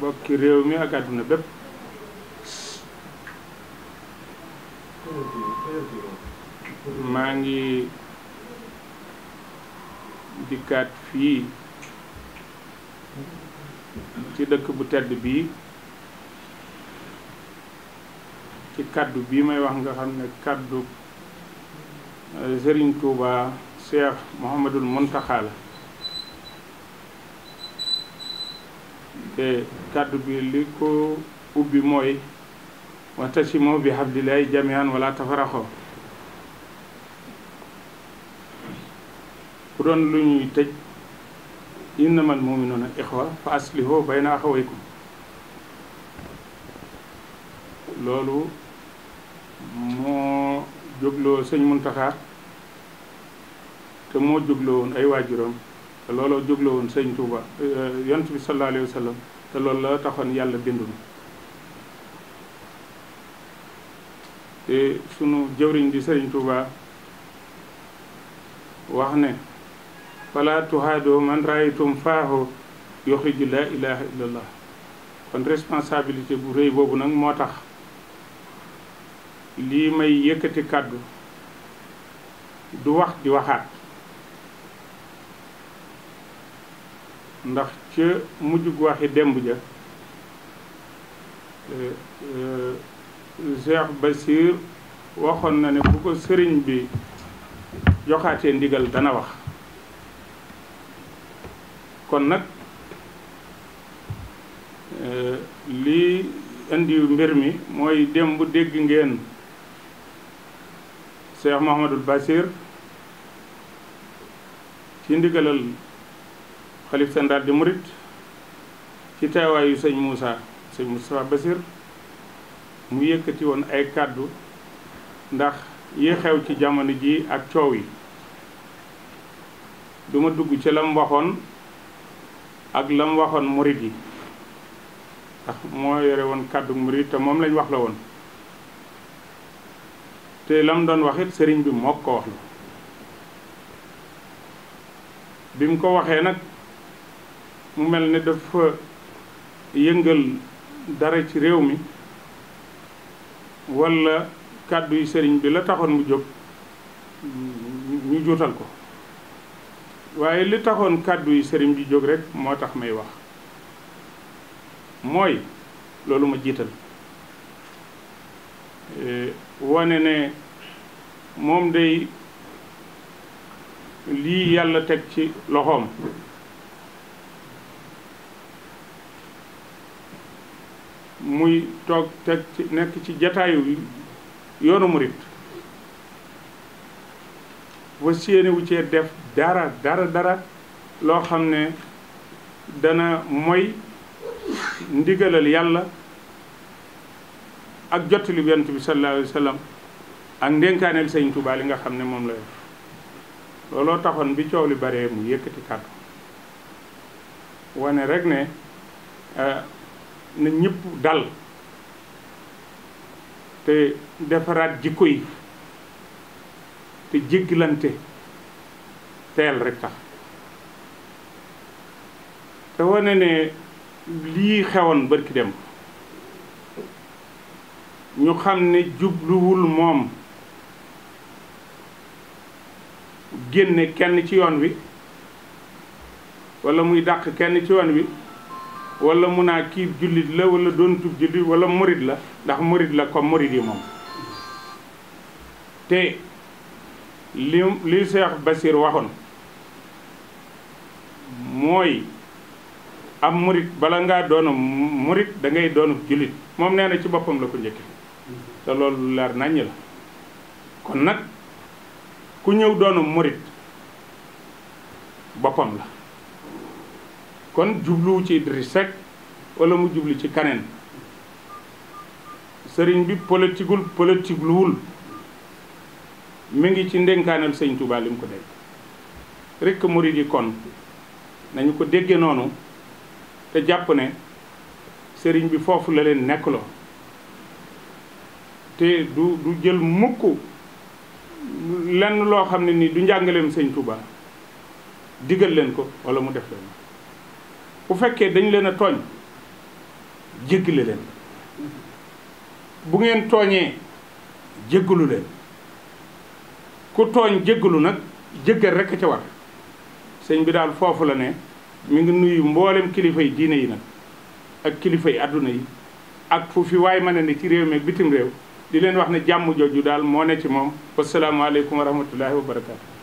bokki réew mi ak àdduna bépp maa ngi dikkaat fii ci dëkk bu tedd bii ci kàddu bii may wax nga xam ne kàddu eh, Serigne Touba Cheikh Mouhamadul Mountakha kàddu bi li ko ubbi mooy waxtasimo bi hablillahi jamian wala tafaraxo bu doon lu ñuy tëj innamal muminuuna ixwa fa asliho bayna axawaykum loolu moo jógloo sëñ Muntaxa te moo jógloo woon ay waajuram te looloo jógle woon sëñ Touba eh, yonent bi sallallahu alayhi wa te loolu la taxoon yàlla bindul te sunu jëwriñ di sëriñ Touba wax ne fala tuhaadoo man raaytum faaho yoxriju la ilaha illallah kon responsabilité bu réy boobu nag moo tax lii may yëkkati kàddu du wax di waxaat ndax ca mujjug waxi démb ja euh, euh, Cheikh Basir waxoon na ni bu ko sëriñ bi joxaatee ndigal dana wax kon nag euh, lii indi mbir mi mooy démb dégg ngeen Cheikh Mouhamadul Basir ci ndigalal xalif général des mourides ci teewaayu sëñ Moussa sëñ Moustapha Basir mu yëkkati woon ay kàddu ndax yi xew ci jamono ji ak coow yi duma dugg ci lam waxoon ak lam waxoon murit yi ndax moo yore woon kàddu murit te moom lañ wax la woon te lam doon wax sëriñ bi moo ko wax la bi mu ko waxee nag mu mel ni dafa yëngal dara ci réew mi walla kàddu yu sëriñ bi la taxoon mu jóg ñu juutal ko waaye li taxoon kàddu yi sëriñ bi jóg rekk moo tax may wax mooy loolu ma jiital e, wane ne moom day lii yàlla teg ci loxoom muy toog teg ci nekk ci jataayu yoonu murit ba wu cee def dara dara dara loo xam ne dana moy ndigalal yàlla ak jottali yonent bi sallallahu alayhi ak ndénkaaneel sëñ Tuubaa li nga xam ne moom la looloo taxoon bi coow li bare mu yëkkati kàddu wane rek ne euh, na ñëpp dal te defaraat jikko yi te jéggilante teel rek tax te wane ne lii xewoon bërki dem ñu xam ne jubluwul moom génne kenn ci yoon wi walla muy dàq kenn ci yoon wi wala mu naa kii jullit la wala doonutub jullit wala morit la ndax morit la ko murit yi moom te li li Cheikh Basir waxoon mooy am morit bala ngaa doonu morit da ngay doonu jullit moom nee na ci boppam la ko njëkke te loolu leer naññ la kon nag ku ñëw doonu morit boppam la kon jubluwu ci Idriss Seck wala mu jublu ci kaneen sëriñ bi politigul politigluwul mi ngi ci ndénkaanal sëñ Touba li mu ko dégg rekk murid yi kon nañu ko dégge noonu te jàpp ne sëriñ bi foofu la leen nekkuloo te du du jël mukk lenn loo xam ne nii du njàngaleem sëñ Touba digal leen ko wala mu def leen bu fekkee dañ leen a tooñ jéggale leen bu ngeen tooñee jéggalu leen ku tooñ jéggalu nag jéggal rekk a ca war sëñ bi daal foofu la ne mu ngi nuyu mboolem kilifa yi diine yi nag ak kilifa yi àdduna yi ak fu fi waay ma ne ni ci réew mi bitim réew di leen wax ne jàmm jooju daal moo ne ci moom wasalaamaaleykum wa rahmatullahi wa barakaatu